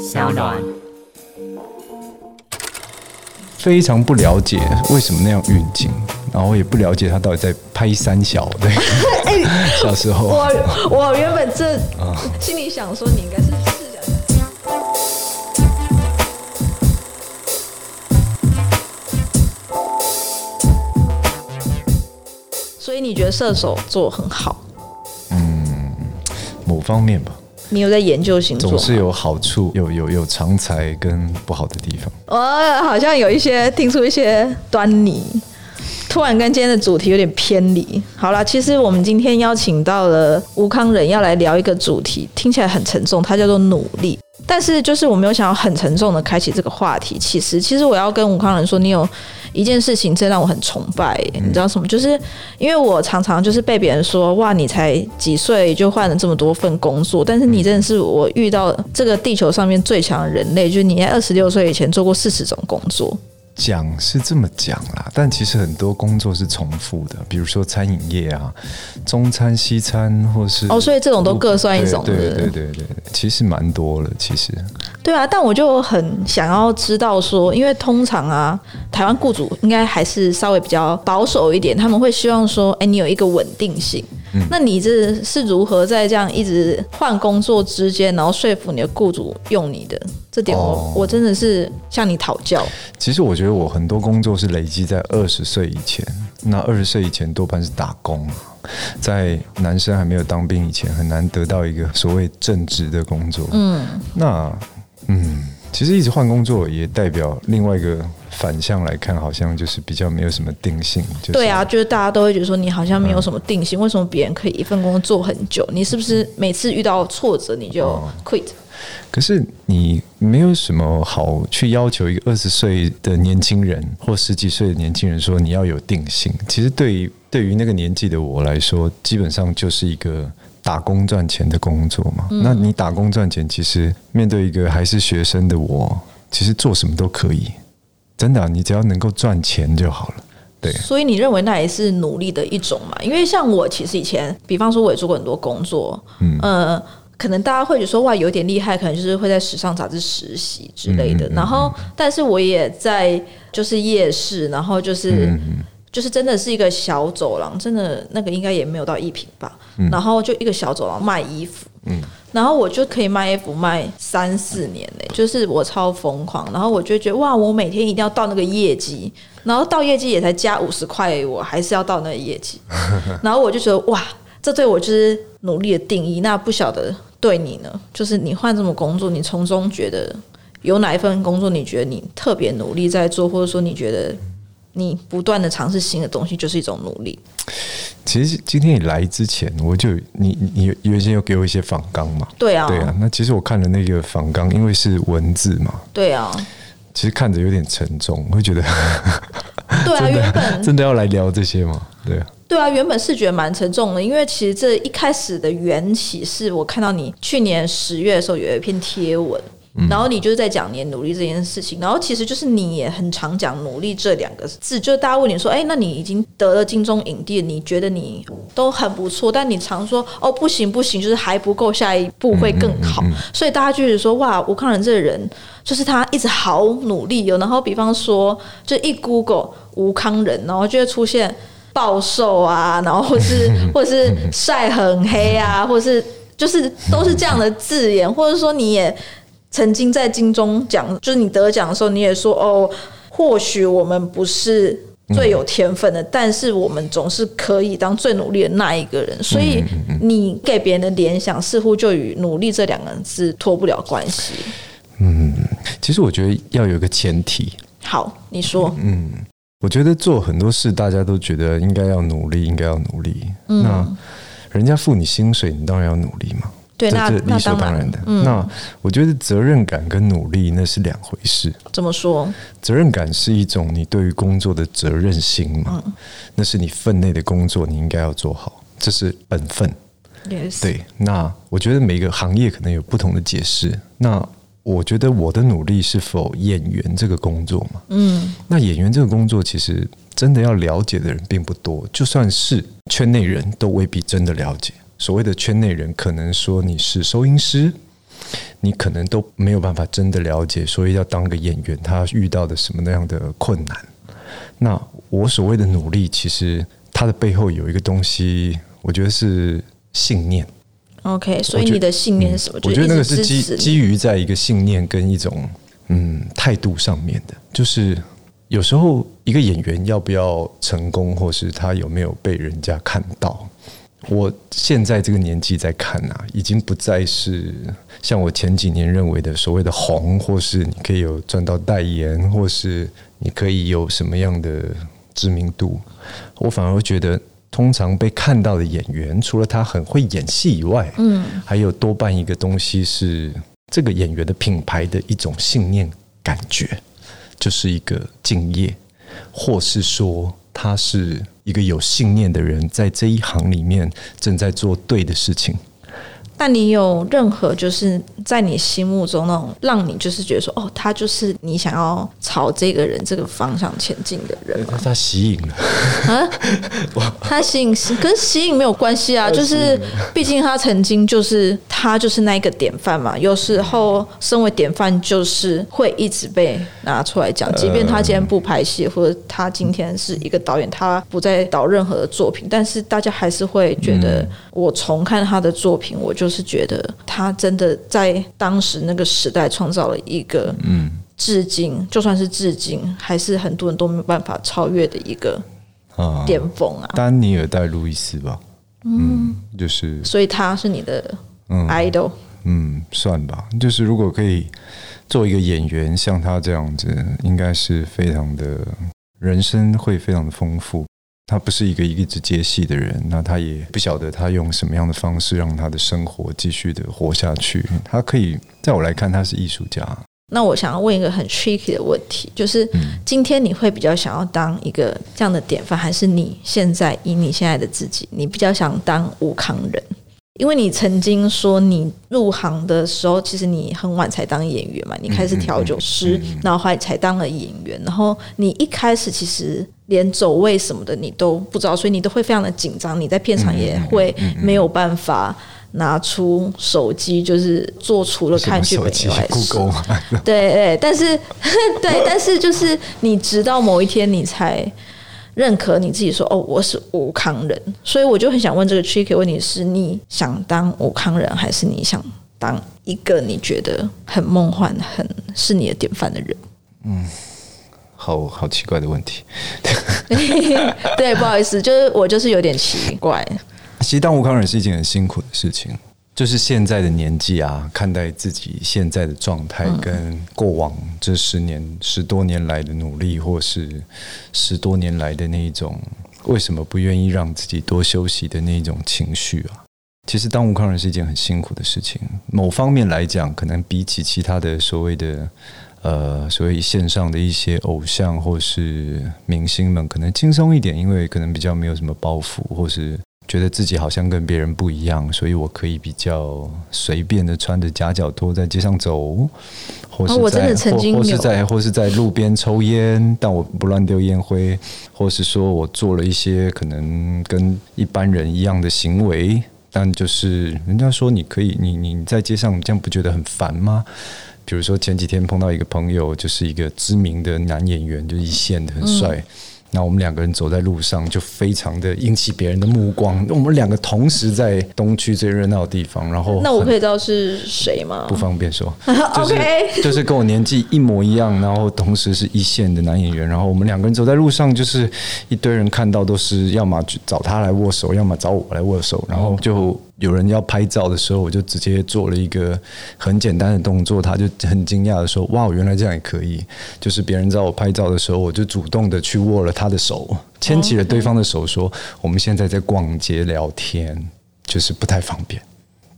小暖非常不了解為什麼那樣運鏡，然後也不了解他到底在拍三小？對 欸、 小時候，我我原本這、啊、心裡想說，你應該是四小，小的。所以你覺得射手座很好？嗯，某方面吧。你有在研究星座，總是有好處，有有有長才跟不好的地方。我、oh, 好像有一些聽出一些端倪，突然跟今天的主題有點偏離。好了，其實我們今天邀請到了吳慷仁，要來聊一個主題，聽起來很沉重，它叫做努力。但是就是我沒有想要很沉重的開啟這個話題。其實，其實我要跟吳慷仁說，你有。一件事情真的讓我很崇拜，嗯，你知道什麼？就是因為我常常就是被別人說，哇，你才幾歲就換了這麼多份工作，但是你真的是我遇到這個地球上面最強人類，就是你在二十六歲以前做過四十種工作。講是這麼講啦，但其實很多工作是重複的，比如說餐飲業啊，中餐、西餐，或是哦，所以這種都各算一種的。對，對對對對，其實蠻多了，其實。對啊，但我就很想要知道說，因為通常啊，台灣僱主應該還是稍微比較保守一點，他們會希望說，哎，你有一個穩定性。嗯、那你這是如何在這樣一直換工作之間，然後說服你的僱主用你的？這點我、哦、我真的是向你討教。其實我覺得我很多工作是累積在二十歲以前，那二十歲以前多半是打工，在男生還沒有當兵以前，很難得到一個所謂正職的工作。嗯，那。嗯，其實一直換工作也代表另外一個反向，來看好像就是比較沒有什麼定性。就是，對啊，就是大家都會覺得說你好像沒有什麼定性，嗯，為什麼別人可以一份工作做很久？你是不是每次遇到挫折你就 quit？哦，可是你沒有什麼好去要求一個二十歲的年輕人或十幾歲的年輕人說你要有定性。其實，對於對於那個年紀的我來說，基本上就是一個。打工賺錢的工作嘛、嗯，那你打工賺錢，其實面對一個還是學生的我，其實做什麼都可以，真的、啊，你只要能夠賺錢就好了。對，所以你認為那也是努力的一種嘛？因為像我，其實以前，比方說，我也做過很多工作，嗯，呃、可能大家會覺得說哇，有點厲害，可能就是會在時尚雜誌實習之類的、嗯嗯嗯，然後，但是我也在就是夜市，然後就是。嗯嗯就是真的是一個小走廊，真的那個應該也沒有到一平吧。然後就一個小走廊賣衣服，然後我就可以賣衣服賣三四年呢。就是我超瘋狂。然後我就覺得哇，我每天一定要到那個業績，然後到業績也才加五十塊，我還是要到那個業績。然後我就覺得哇，這對我就是努力的定義。那不曉得對你呢，就是你換這種工作，你從中覺得有哪一份工作你覺得你特別努力在做，或者說你覺得？你不斷的嘗試新的東西，就是一種努力。其實今天你來之前，我就你你，你原先有給我一些訪綱嘛。對啊，對啊。那其實我看了那個訪綱，因為是文字嘛，對啊，其實看着有點沉重，會覺得 。對啊，原本真的要來聊這些嘛？對啊，對啊，原本是覺得蠻沉重的，因為其實這一開始的緣起是我看到你去年十月的時候有一篇貼文。嗯、然後你就是在講你努力這件事情，然後其實就是你也很常講努力這兩個字，就是大家問你說，哎，那你已經得了金鐘影帝，你覺得你都很不錯，但你常說哦不行不行，就是還不夠，下一步會更好。嗯嗯嗯、所以大家就是說，哇，吳慷仁這個人就是他一直好努力有、哦、然後比方說，就一 Google 吳慷仁，然後就會出現暴瘦啊，然後是或，或者是曬很黑啊，或者是就是都是這樣的字眼，或者說你也。曾經在金鐘獎，就是你得獎的時候，你也說哦，或許我們不是最有天分的、嗯，但是我們總是可以當最努力的那一個人。所以你給別人的聯想、嗯嗯，似乎就與努力這兩個字脫不了關係。嗯，其實我覺得要有個前提。好，你說嗯。嗯，我覺得做很多事，大家都覺得應該要努力，應該要努力、嗯。那人家付你薪水，你當然要努力嘛。對，那理所當然的那當然、嗯。那我覺得責任感跟努力那是兩回事。怎麼說？責任感是一種你對於工作的責任心嘛、嗯，那是你分內的工作，你應該要做好，這是本分。Yes. 對，那我覺得每個行業可能有不同的解釋。那我覺得我的努力是否演員這個工作嘛？嗯，那演員這個工作其實真的要了解的人並不多，就算是圈內人都未必真的了解。所謂的圈內人，可能說你是收音師，你可能都沒有辦法真的了解，所以要當個演員，他遇到的什麼那樣的困難。那我所謂的努力，其實它的背後有一個東西，我覺得是信念。OK，所以你的信念是什麼？我覺得那個是基基於在一個信念跟一種嗯態度上面的。就是有時候一個演員要不要成功，或是他有沒有被人家看到。我現在這個年紀在看啊，已經不再是像我前幾年認為的所謂的紅，或是你可以有賺到代言，或是你可以有什麼樣的知名度。我反而覺得，通常被看到的演員，除了他很會演戲以外，嗯，還有多半一個東西是這個演員的品牌的一種信念感覺，就是一個敬業，或是說他是。一個有信念的人，在這一行裡面，正在做對的事情。但你有任何就是在你心目中那種讓你就是覺得說哦，他就是你想要朝這個人這個方向前進的人？是他吸引的啊，他吸引跟吸引沒有關係啊，就是畢竟他曾經就是他就是那個典範嘛。有時候身為典範，就是會一直被拿出來講，即便他今天不拍戲，或者他今天是一個導演，他不再導任何的作品，但是大家還是會覺得我重看他的作品，我就是。就是覺得他真的在當時那個時代創造了一個至今，嗯，致敬，就算是致敬，還是很多人都沒有辦法超越的一個啊巔峰啊，丹尼爾戴路易斯吧，嗯，嗯，就是，所以他是你的 idol？嗯，嗯，算吧，就是如果可以做一個演員，像他這樣子，應該是非常的，人生會非常的豐富。他不是一個一直接戲的人，那他也不曉得他用什麼樣的方式讓他的生活繼續的活下去。嗯，他可以，在我來看，他是藝術家。那我想要問一個很 tricky 的問題，就是今天你會比較想要當一個這樣的典範，還是你現在以你現在的自己，你比較想當吳慷仁？因為你曾經說你入行的時候，其實你很晚才當演員嘛，你開始調酒師嗯嗯嗯嗯嗯，然後後來才當了演員。然後你一開始其實連走位什麼的你都不知道，所以你都會非常的緊張。你在片場也會沒有辦法拿出手機，就是做除了看劇本以外的事。對對，但是 對，但是就是你直到某一天你才。認可你自己說哦，我是吳慷仁，所以我就很想問這個 tricky 問題：是你想當吳慷仁，還是你想當一個你覺得很夢幻、很是你的典範的人？嗯，好好奇怪的問題。 對， 對，不好意思，就是我就是有點奇怪。其實當吳慷仁是一件很辛苦的事情。就是現在的年紀啊，看待自己現在的狀態，跟過往這十年十多年來的努力，或是十多年來的那一種，為什麼不願意讓自己多休息的那一種情緒啊？其實當吳慷仁是一件很辛苦的事情，某方面來講，可能比起其他的所謂的呃所謂線上的一些偶像或是明星們，可能輕鬆一點，因為可能比較沒有什麼包袱，或是。覺得自己好像跟別人不一樣，所以我可以比較隨便的穿着夾腳拖在街上走，或是在、哦、我真的曾經，或，或是在，或是在路邊抽煙，但我不亂丟煙灰，或是說我做了一些可能跟一般人一樣的行為，但就是人家說，你可以，你你在街上這樣不覺得很煩嗎？比如說前幾天碰到一個朋友，就是一個知名的男演員，就是一線的很，很、嗯、帥。那我們兩個人走在路上，就非常的引起別人的目光。我們兩個同時在東區最熱鬧的地方，然後那我可以知道是誰嗎？不方便說。OK，就是跟我年紀一模一樣，然後同時是一線的男演員。然後我們兩個人走在路上，就是一堆人看到都是要麼去找他來握手，要麼找我來握手，然後就。有人要拍照的時候，我就直接做了一個很簡單的動作，他就很驚訝的說：“哇，原來這樣也可以。”就是別人在我拍照的時候，我就主動的去握了他的手，牽起了對方的手，說：“ Okay. 我們現在在逛街聊天，就是不太方便。”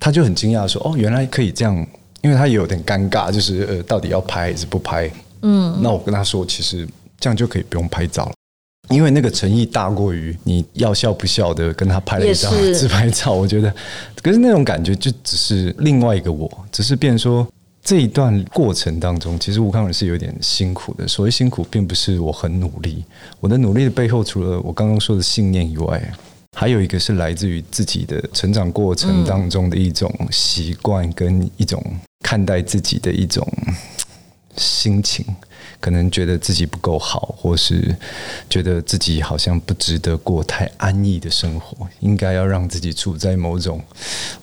他就很驚訝的說：“哦，原來可以這樣。”因為他也有點尷尬，就是呃，到底要拍還是不拍？嗯，那我跟他說，其實這樣就可以不用拍照了。因為那個誠意大過於你要笑不笑的跟他拍了一張自拍照，我覺得，可是那種感覺就只是另外一個我，只是變成說這一段過程當中，其實吳慷仁是有點辛苦的。所謂辛苦，並不是我很努力，我的努力的背後，除了我剛剛說的信念以外，還有一個是來自於自己的成長過程當中的一種習慣跟一種看待自己的一種心情。可能覺得自己不夠好，或是覺得自己好像不值得過太安逸的生活，應該要讓自己處在某種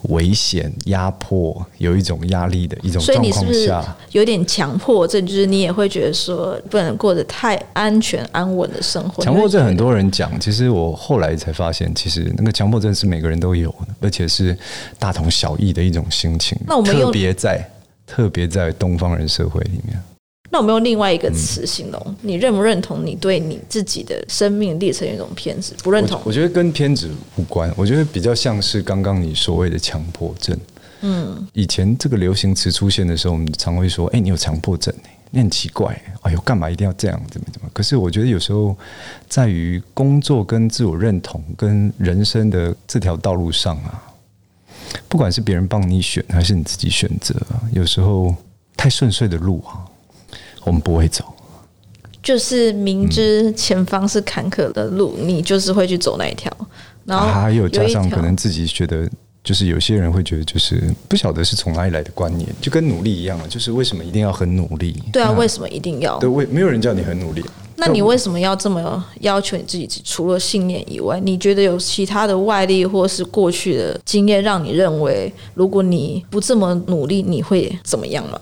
危險、壓迫、有一種壓力的一種，狀況下，所以你是不是有點強迫症？這就是你也會覺得說，不能過得太安全、安穩的生活的。強迫症很多人講，其實我後來才發現，其實那個強迫症是每個人都有的，而且是大同小異的一種心情。那我們特別在特別在東方人社會裡面。那我們用另外一個詞形容、喔嗯，你認不認同？你對你自己的生命歷程有一種偏執？不認同我？我覺得跟偏執無關。我覺得比較像是剛剛你所謂的強迫症。嗯，以前這個流行詞出現的時候，我們常會說：“哎、欸，你有強迫症、欸？你很奇怪、欸。哎呦，幹嘛一定要這樣？怎麼怎麼？”可是我覺得有時候在於工作跟自我認同，跟人生的這條道路上啊，不管是別人幫你選還是你自己選擇，有時候太順遂的路啊。我們不會走，就是明知前方是坎坷的路，嗯，你就是會去走那一條。然後還、啊、有加上可能自己覺得，就是有些人會覺得，就是不曉得是從哪裡來的觀念，就跟努力一樣了。就是為什麼一定要很努力？對啊，為什麼一定要？對，為沒有人叫你很努力，啊，那你為什麼要這麼要求你自己？除了信念以外，你覺得有其他的外力，或是過去的經驗，讓你認為，如果你不這麼努力，你會怎麼樣嗎？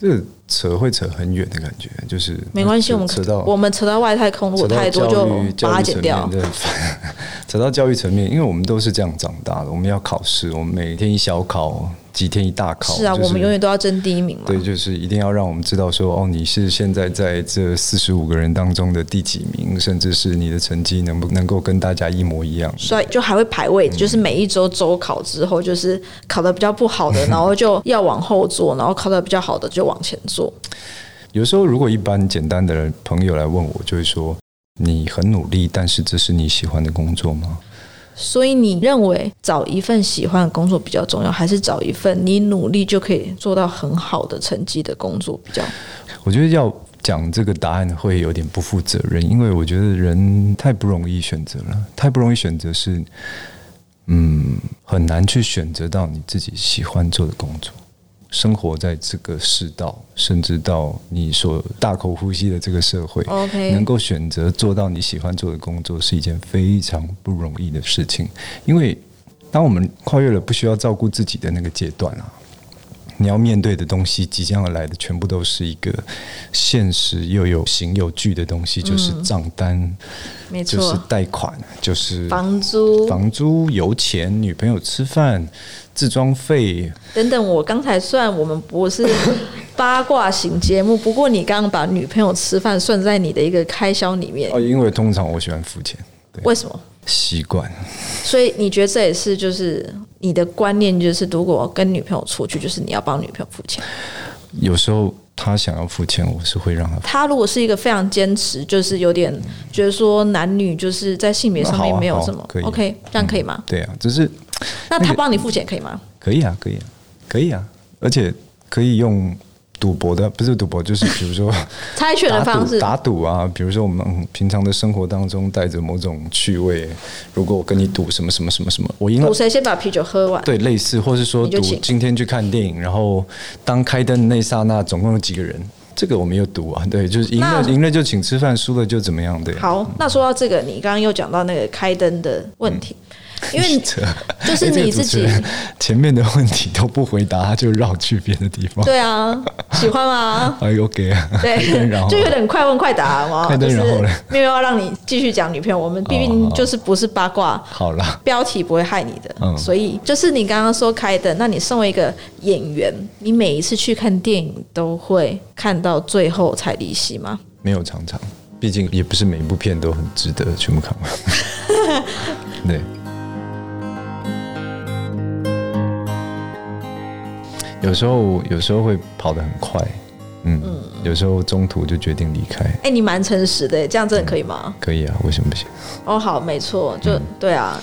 這個、扯會扯很遠的感覺，就是就沒關係，我們扯到我們扯到外太空，扯太多就剪掉。嗯嗯嗯走到教育層面，因為我們都是這樣長大的。我們要考試，我們每天一小考，幾天一大考。是啊，就是、我們永遠都要爭第一名嘛。對，就是一定要讓我們知道說，哦，你是現在在這四十五個人當中的第幾名，甚至是你的成績能不能夠跟大家一模一樣。所以就還會排位，就是每一周周考之後，就是考的比較不好的，然後就要往後坐； 然後考的比較好的就往前坐。有時候，如果一般簡單的人朋友來問我，就會說。你很努力，但是這是你喜歡的工作嗎？所以你認為找一份喜歡的工作比較重要，還是找一份你努力就可以做到很好的成績的工作比較？我覺得要講這個答案會有點不負責任，因為我覺得人太不容易選擇了，太不容易選擇是，嗯，很難去選擇到你自己喜歡做的工作。生活在這個世道，甚至到你所大口呼吸的這個社會，能夠選擇做到你喜歡做的工作，是一件非常不容易的事情。因為，當我們跨越了不需要照顧自己的那個階段啊。你要面對的東西，即將要來的，全部都是一個現實又有形有據的東西，就是賬單，沒錯，就是貸款，就是房租、房租、油錢、女朋友吃飯、置裝費等等。我剛才算，我們不是八卦型節目，不過你剛剛把女朋友吃飯算在你的一個開銷裡面，因為通常我喜歡付錢，為什麼習慣？所以你覺得這也是就是。你的觀念就是，如果跟女朋友出去，就是你要幫女朋友付錢。有時候她想要付錢，我是會讓她付錢。她如果是一個非常堅持，就是有點覺得說男女就是在性別上面沒有什麼、啊啊啊、，OK，這樣可以嗎？嗯、對啊，只是、那個、那他幫你付錢可以嗎？可以啊，可以啊，可以啊，而且可以用。賭博的不是賭博，就是比如說猜拳的方式，打賭啊。比如說我們平常的生活當中帶着某種趣味，如果我跟你賭什麼什麼什麼什麼，我贏了，賭誰先把啤酒喝完？對，類似，或是說賭今天去看電影，然後當開燈的那剎那，總共有幾個人？這個我沒有賭啊。對，就是贏了贏了就請吃飯，輸了就怎麼樣。對，好，那說到這個，你剛剛又講到那個開燈的問題。嗯因為就是你自己、欸、這個、前面的問題都不回答，他就繞去別的地方。對啊，喜歡嗎？哎，OK，對，就有點快問快答嘛，就是沒有要讓你繼續講女朋友。我們畢竟就是不是八卦，哦、好了，標題不會害你的，嗯、所以就是你剛剛說開的，那你作為一個演員，你每一次去看電影都會看到最後才離席嗎？沒有常常，畢竟也不是每一部片都很值得全部看完。 對。有時候，有時候會跑得很快，嗯，嗯有時候中途就決定離開。哎、欸，你蠻誠實的，這樣真的可以嗎？嗯、可以啊，為什麼不行？哦，好，沒錯，就、嗯、對啊。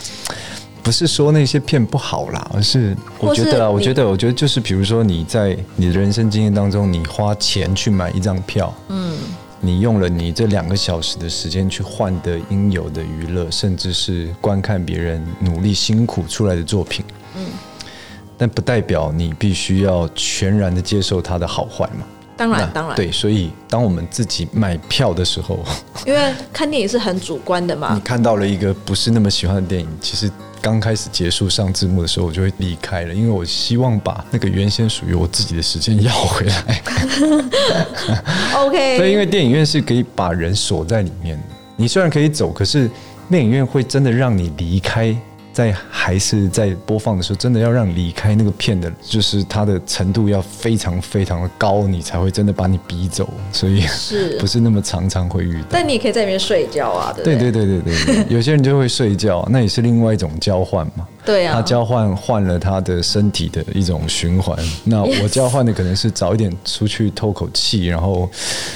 不是說那些片不好啦，而是我覺得，我覺得，我覺得，就是比如說你在你的人生經驗當中，你花錢去買一張票，嗯，你用了你這兩個小時的時間去換得應有的娛樂，甚至是觀看別人努力辛苦出來的作品。但不代表你必須要全然的接受它的好壞嘛？當然，當然。對，所以當我們自己買票的時候，因為看電影是很主觀的嘛。 你看到了一個不是那麼喜歡的電影，其實剛開始結束上字幕的時候，我就會離開了，因為我希望把那個原先屬於我自己的時間要回來。 OK。所以，因為電影院是可以把人鎖在裡面的，你雖然可以走，可是電影院會真的讓你離開。在還是在播放的時候，真的要讓你離開那個片的，就是它的程度要非常非常的高，你才會真的把你逼走。所以不是那麼常常會遇到。但你也可以在裡面睡覺啊。對對對對對，對，有些人就會睡覺，那也是另外一種交換嘛。對啊，他交換換了他的身體的一種循環。那我交換的可能是早一點出去透口氣，然後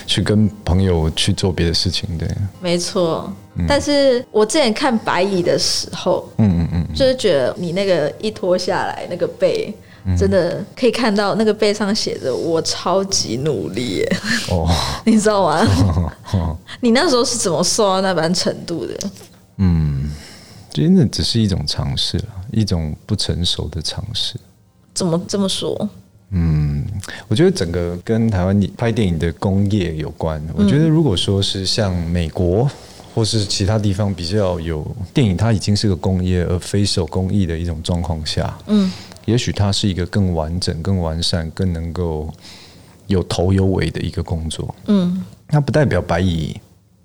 去跟朋友去做別的事情。對，沒錯。但是我之前看白蟻的時候，嗯嗯嗯，就是覺得你那個一脫下來那個背，真的可以看到那個背上寫着“我超級努力”，哦， 你知道嗎？哦哦、 你那時候是怎麼瘦到那般程度的？嗯，真的只是一種嘗試了，一種不成熟的嘗試。怎麼這麼說？嗯，我覺得整個跟台灣拍電影的工業有關。我覺得如果說是像美國。或是其他地方比較有電影，它已經是個工業而非手工藝的一種狀況下，嗯，也許它是一個更完整、更完善、更能夠有頭有尾的一個工作，嗯，那不代表白蟻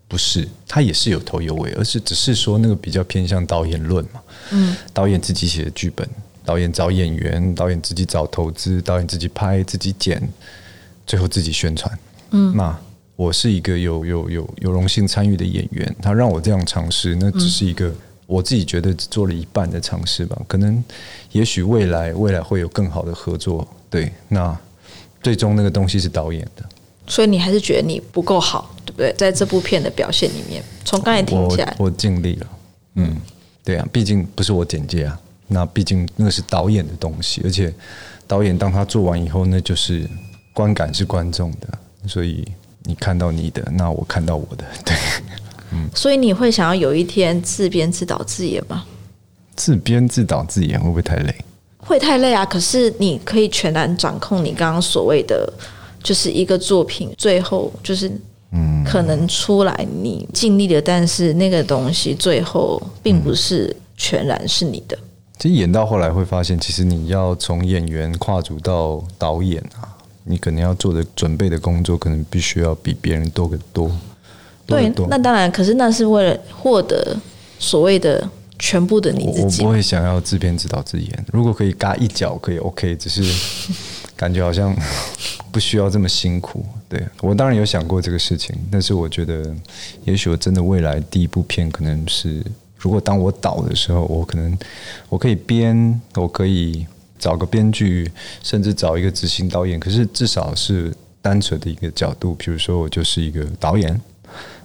不是，它也是有頭有尾，而是只是說那個比較偏向導演論嘛，嗯，導演自己寫的劇本，導演找演員，導演自己找投資，導演自己拍，自己剪，最後自己宣傳，嗯，那。我是一個有有有有榮幸參與的演員，他讓我這樣嘗試，那只是一個我自己覺得只做了一半的嘗試吧。可能也許未來未來會有更好的合作，對。那最終那個東西是導演的，所以你還是覺得你不夠好，對不對？在這部片的表現裡面，從剛才聽起來，我盡力了。嗯，對啊，畢竟不是我剪接啊。那畢竟那個是導演的東西，而且導演當他做完以後呢，那就是觀感是觀眾的，所以。你看到你的，那我看到我的，對，嗯，所以你會想要有一天自編自導自演嗎？自編自導自演會不會太累？會太累啊！可是你可以全然掌控你剛剛所謂的，就是一個作品最後就是，嗯，可能出來你盡力了，但是那個東西最後並不是全然是你的。嗯嗯，其實演到後來會發現，其實你要從演員跨足到導演啊。你可能要做的準備的工作，可能必須要比別人多得多、多、多。對，那當然。可是那是為了獲得所謂的全部的你自己。我，我不會想要自編自導自演。如果可以嘎一腳，可以 OK。只是感覺好像不需要這麼辛苦。對我當然有想過這個事情，但是我覺得，也許我真的未來第一部片，可能是如果當我導的時候，我可能我可以編，我可以。找個編劇，甚至找一個執行導演，可是至少是單純的一個角度。比如說，我就是一個導演，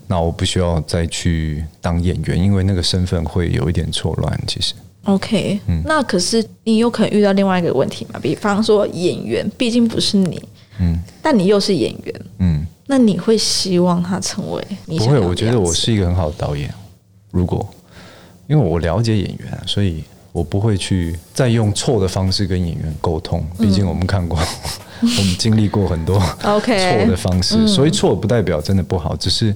那我不需要再去當演員，因為那個身份會有一點錯亂。其實，OK，嗯，那可是你有可能遇到另外一個問題嘛？比方說，演員畢竟不是你，嗯，但你又是演員，嗯，那你會希望他成為你？不會，我覺得我是一個很好的導演。如果因為我了解演員，所以。我不會去再用錯的方式跟演員溝通，畢竟我們看過，嗯、 我們經歷過很多錯、 okay, 的方式，嗯、所以錯不代表真的不好，只是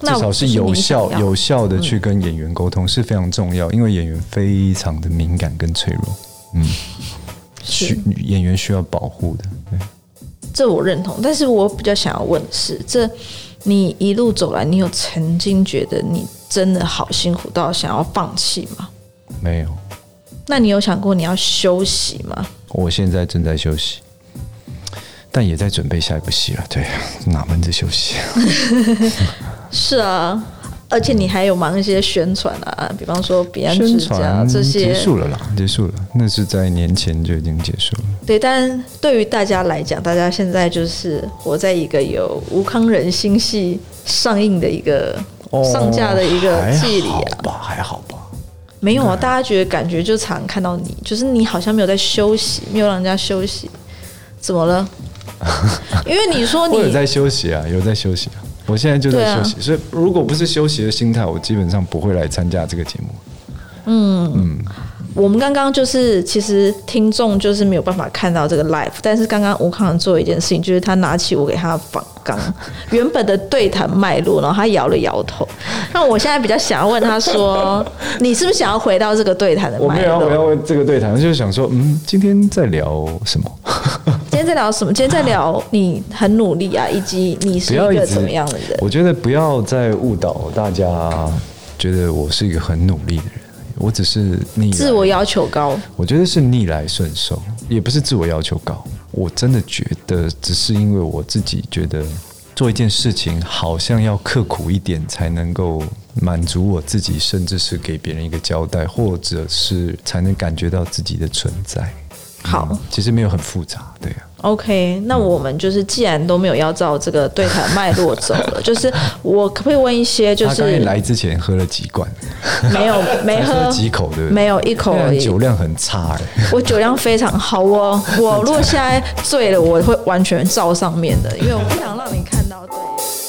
至少是有效、要有效的去跟演員溝通、嗯、是非常重要，因為演員非常的敏感跟脆弱，嗯，演員需要保護的。對，這我認同，但是我比較想要問的是，這你一路走來，你有曾經覺得你真的好辛苦到想要放棄嗎？沒有。那你有想過你要休息嗎？我現在正在休息，但也在準備下一部戲了。對，哪門子休息啊？ 是啊，而且你還有忙一些宣傳啊，比方說《彼岸之家》這些結束了啦，結束了，那是在年前就已經結束了。對，但對於大家來講，大家現在就是活在一個有吳慷仁新戲上映的一個、哦、上架的一個記憶裡啊。沒有啊，大家覺得感覺就常看到你，就是你好像沒有在休息，沒有讓人家休息，怎麼了？ 因為你說你，我有在休息啊，有在休息啊，我現在就在休息，啊，所以如果不是休息的心態，我基本上不會來參加這個節目。嗯嗯。我們剛剛就是，其實聽眾就是沒有辦法看到這個 live 但是剛剛吳慷仁做一件事情，就是他拿起我給他訪綱原本的對談脈絡，然後他搖了搖頭。那我現在比較想要問他說，你是不是想要回到這個對談的我沒有，我要問這個對談，就是想說，嗯，今天在聊什麼？今天在聊什麼？今天在聊你很努力啊，以及你是一個怎麼樣的人？我覺得不要再誤導大家，覺得我是一個很努力的人。我只是你自我要求高，我覺得是逆來順受，也不是自我要求高。我真的覺得，只是因為我自己覺得做一件事情好像要刻苦一點，才能夠滿足我自己，甚至是給別人一個交代，或者是才能感覺到自己的存在。好，嗯，其實沒有很複雜，對啊。OK，那我們就是既然都沒有要照這個對台脈絡走了， 就是我可不可以問一些？就是他來之前喝了幾罐？沒有，沒喝幾口，的？沒有一口而已，酒量很差哎、欸。我酒量非常好、哦，我我如果現在醉了，我會完全照上面的，因為我不想讓你看到，對。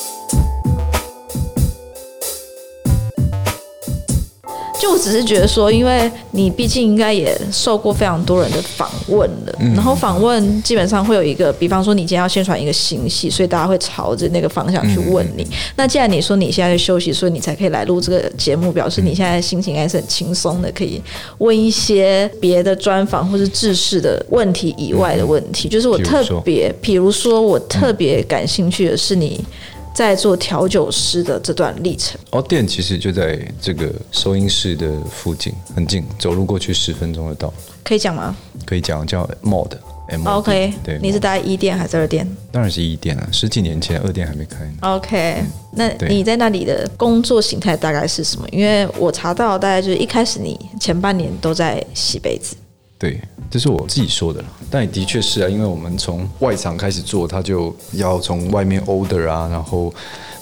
就只是覺得說，因為你畢竟應該也受過非常多人的訪問了，然後訪問基本上會有一個，比方說你今天要宣傳一個新戲，所以大家會朝着那個方向去問你。那既然你說你現在在休息，所以你才可以來錄這個節目，表示你現在心情應該是很輕鬆的，可以問一些別的專訪或是制式的問題以外的問題。就是我特別，比如說我特別感興趣的是你，在做調酒師的這段歷程，哦，店其實就在這個收音室的附近，很近，走路過去十分鐘就到了。可以講嗎？可以講，叫 MOD M。OK，對，你是待一店還是二店？當然是一店啊，十幾年前二店還沒開呢。OK，嗯，那你在那裡的工作形態大概是什麼？因為我查到大概就是一開始你前半年都在洗杯子。對，這是我自己說的啦，但也的確是啊，因為我們從外場開始做，他就要從外面 order 啊，然後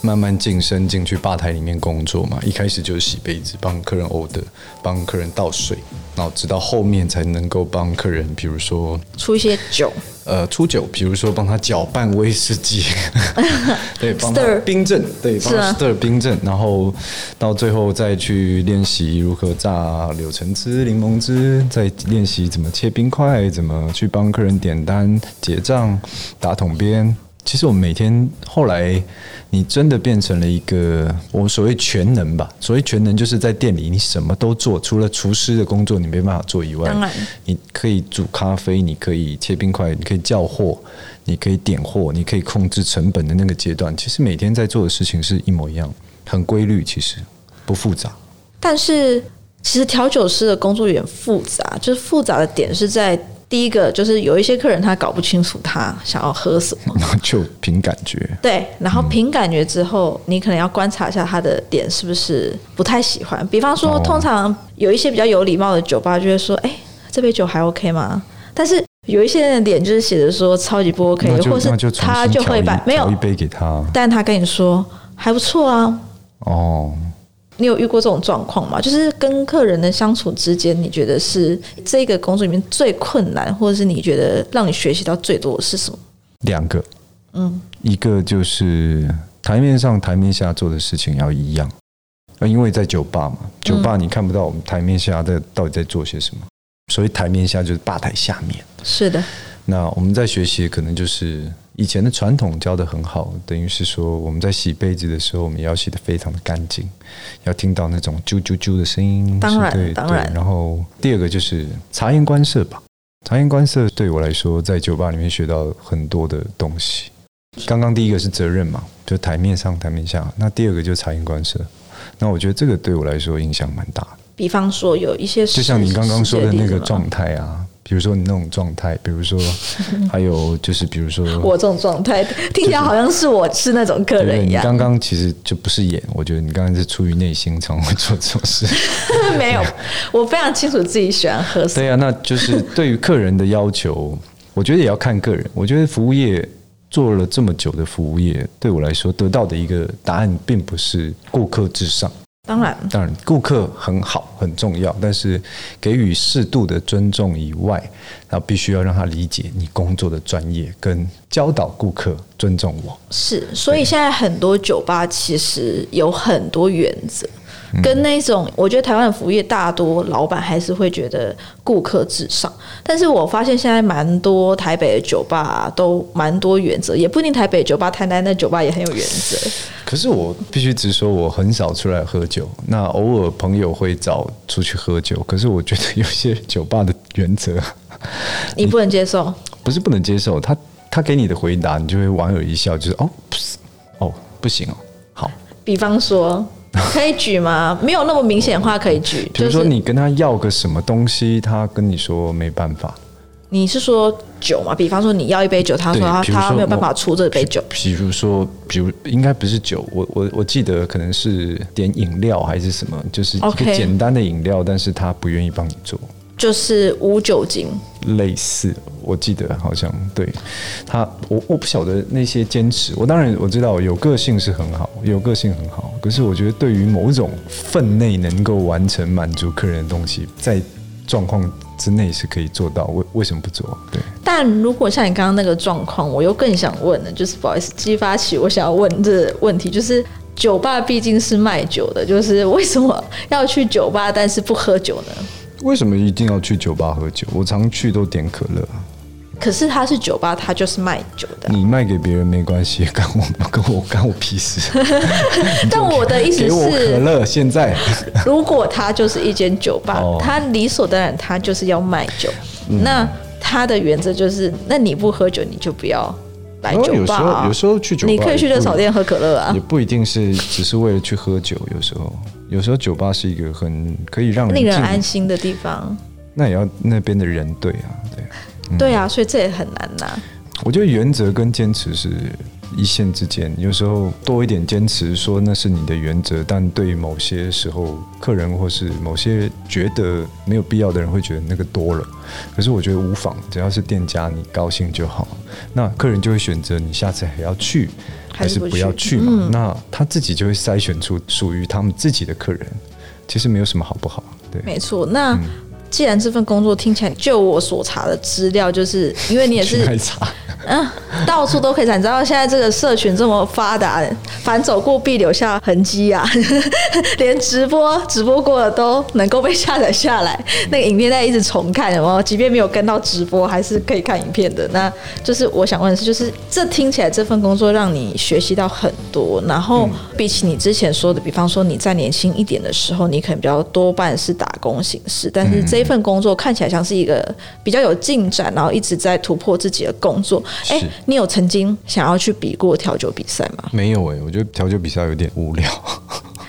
慢慢晉升進去吧台裡面工作嘛，一開始就是洗杯子，幫客人 order，幫客人倒水。然後直到後面才能夠幫客人，比如說出一些酒，呃，出酒，比如說幫他攪拌威士忌， 對，幫他冰鎮，對，幫、 啊、他冰鎮，然後到最後再去練習如何榨柳橙汁、檸檬汁，再練習怎麼切冰塊，怎麼去幫客人點單、結賬、打桶邊。其實我每天後來，你真的變成了一個我所謂全能吧？所謂全能就是在店裡你什麼都做，除了廚師的工作你沒辦法做以外，當然你可以煮咖啡，你可以切冰塊，你可以叫貨，你可以點貨，你可以控制成本的那個階段。其實每天在做的事情是一模一樣，很規律，其實不複雜。但是其實調酒師的工作有點複雜，就是複雜的點是在。第一個就是有一些客人他搞不清楚他想要喝什麼，就憑感覺。對，然後憑感覺之後，嗯、你可能要觀察一下他的點是不是不太喜歡。比方說，通常有一些比較有禮貌的酒吧就會說：“哎、欸，這杯酒還 OK 嗎？”但是有一些人的點就是寫着說“超級不 OK”，就或是他就會把沒有一杯給他、啊，但他跟你說還不錯啊。哦。你有遇過這種狀況嗎？就是跟客人的相處之間，你覺得是這個工作裡面最困難，或者是你覺得讓你學習到最多的是什麼？兩個，嗯，一個就是台面上、台面下做的事情要一樣，那因為在酒吧嘛，酒吧你看不到我們台面下的到底在做些什麼，嗯、所以台面下就是吧台下面。是的，那我們在學習可能就是。以前的傳統教得很好，等於是說我們在洗杯子的時候，我們也要洗得非常的乾淨，要聽到那種啾啾啾的聲音。當然，對，當然對。然後第二個就是察言觀色吧，察言觀色對我來說，在酒吧裡面學到很多的東西。剛剛第一個是責任嘛，就台面上、台面下。那第二個就是察言觀色，那我覺得這個對我來說影響蠻大的。比方說，有一些，事，就像你剛剛說的那個狀態啊。事比如說你那種狀態，比如說，還有就是，比如說、 就是、我這種狀態、就是，聽起來好像是我是那種客人一樣。你剛剛其實就不是演，我覺得你剛剛是出於內心常會做這種事。 沒有， 我非常清楚自己喜歡喝什麼。對啊，那就是對於客人的要求， 我覺得也要看個人。我覺得服務業做了這麼久的服務業，對我來說得到的一個答案，並不是顧客至上。當然，當然，顧客很好很重要，但是給予適度的尊重以外，然後必須要讓他理解你工作的專業，跟教導顧客尊重我。是，所以現在很多酒吧其實有很多原則，跟那種我覺得台灣服務業大多老闆還是會覺得顧客至上，但是我發現現在蠻多台北的酒吧，啊、都蠻多原則，也不一定台北酒吧，台南的酒吧也很有原則。可是我必須直說，我很少出來喝酒。那偶爾朋友會找出去喝酒，可是我覺得有些酒吧的原則你不能接受。不是不能接受，他他給你的回答，你就會莞爾一笑，就說、是、哦，哦不行哦。好，比方說可以舉嗎？沒有那麼明顯的話可以舉。 比如說你跟他要個什麼東西，他跟你說沒辦法。你是說？酒嘛，比方說你要一杯酒，他說他說他沒有辦法出這杯酒。比如說，比如應該不是酒，我我我記得可能是點飲料還是什麼，就是一個簡單的飲料，Okay. 但是他不願意幫你做，就是無酒精，類似。我記得好像對他，我我不曉得那些堅持。我當然我知道有個性是很好，有個性很好，可是我覺得對於某種分內能夠完成滿足客人的東西，在狀況。之內是可以做到，為為什麼不做？對，但如果像你剛剛那個狀況，我又更想問了，就是不好意思，激發起我想要問的問題，就是酒吧畢竟是賣酒的，就是為什麼要去酒吧但是不喝酒呢？為什麼一定要去酒吧喝酒？我常去都點可樂。可是他是酒吧，他就是賣酒的、啊。你賣給別人沒關係，干我跟我干我，我屁事。 你就給笑但我的意思是，可樂現在， 如果他就是一間酒吧、哦，他理所當然他就是要賣酒。嗯、那他的原則就是，那你不喝酒你就不要來酒吧、啊哦有。有時候去酒吧，你可以去熱炒店喝可樂啊，也不一定是只是為了去喝酒。有時候有時候酒吧是一個很可以讓令人，人安心的地方。那也要那邊的人對啊，對。嗯、對啊，所以這也很難吶。我覺得原則跟堅持是一線之間，有時候多一點堅持，說那是你的原則，但對於某些時候客人或是某些覺得沒有必要的人，會覺得那個多了。可是我覺得無妨，只要是店家你高興就好，那客人就會選擇你下次還要去還是不要去嘛。去嗯、那他自己就會篩選出屬於他們自己的客人，其實沒有什麼好不好，對，沒錯。那。嗯既然這份工作聽起來，就我所查的資料，就是因為你也是，嗯，到處都可以查。你知道現在這個社群這麼發達，凡走過必留下痕跡啊，連直播直播過的都能夠被下載下來，那個影片在一直重看。哦，即便沒有跟到直播，還是可以看影片的。那就是我想問的是，就是這聽起來這份工作讓你學習到很多，然後比起你之前說的，比方說你再年輕一點的時候，你可能比較多半是打工形式，但是這。份工作看起來像是一個比較有進展，然後一直在突破自己的工作。哎、欸，你有曾經想要去比過調酒比賽嗎？沒有。哎、欸，我覺得調酒比賽有點無聊。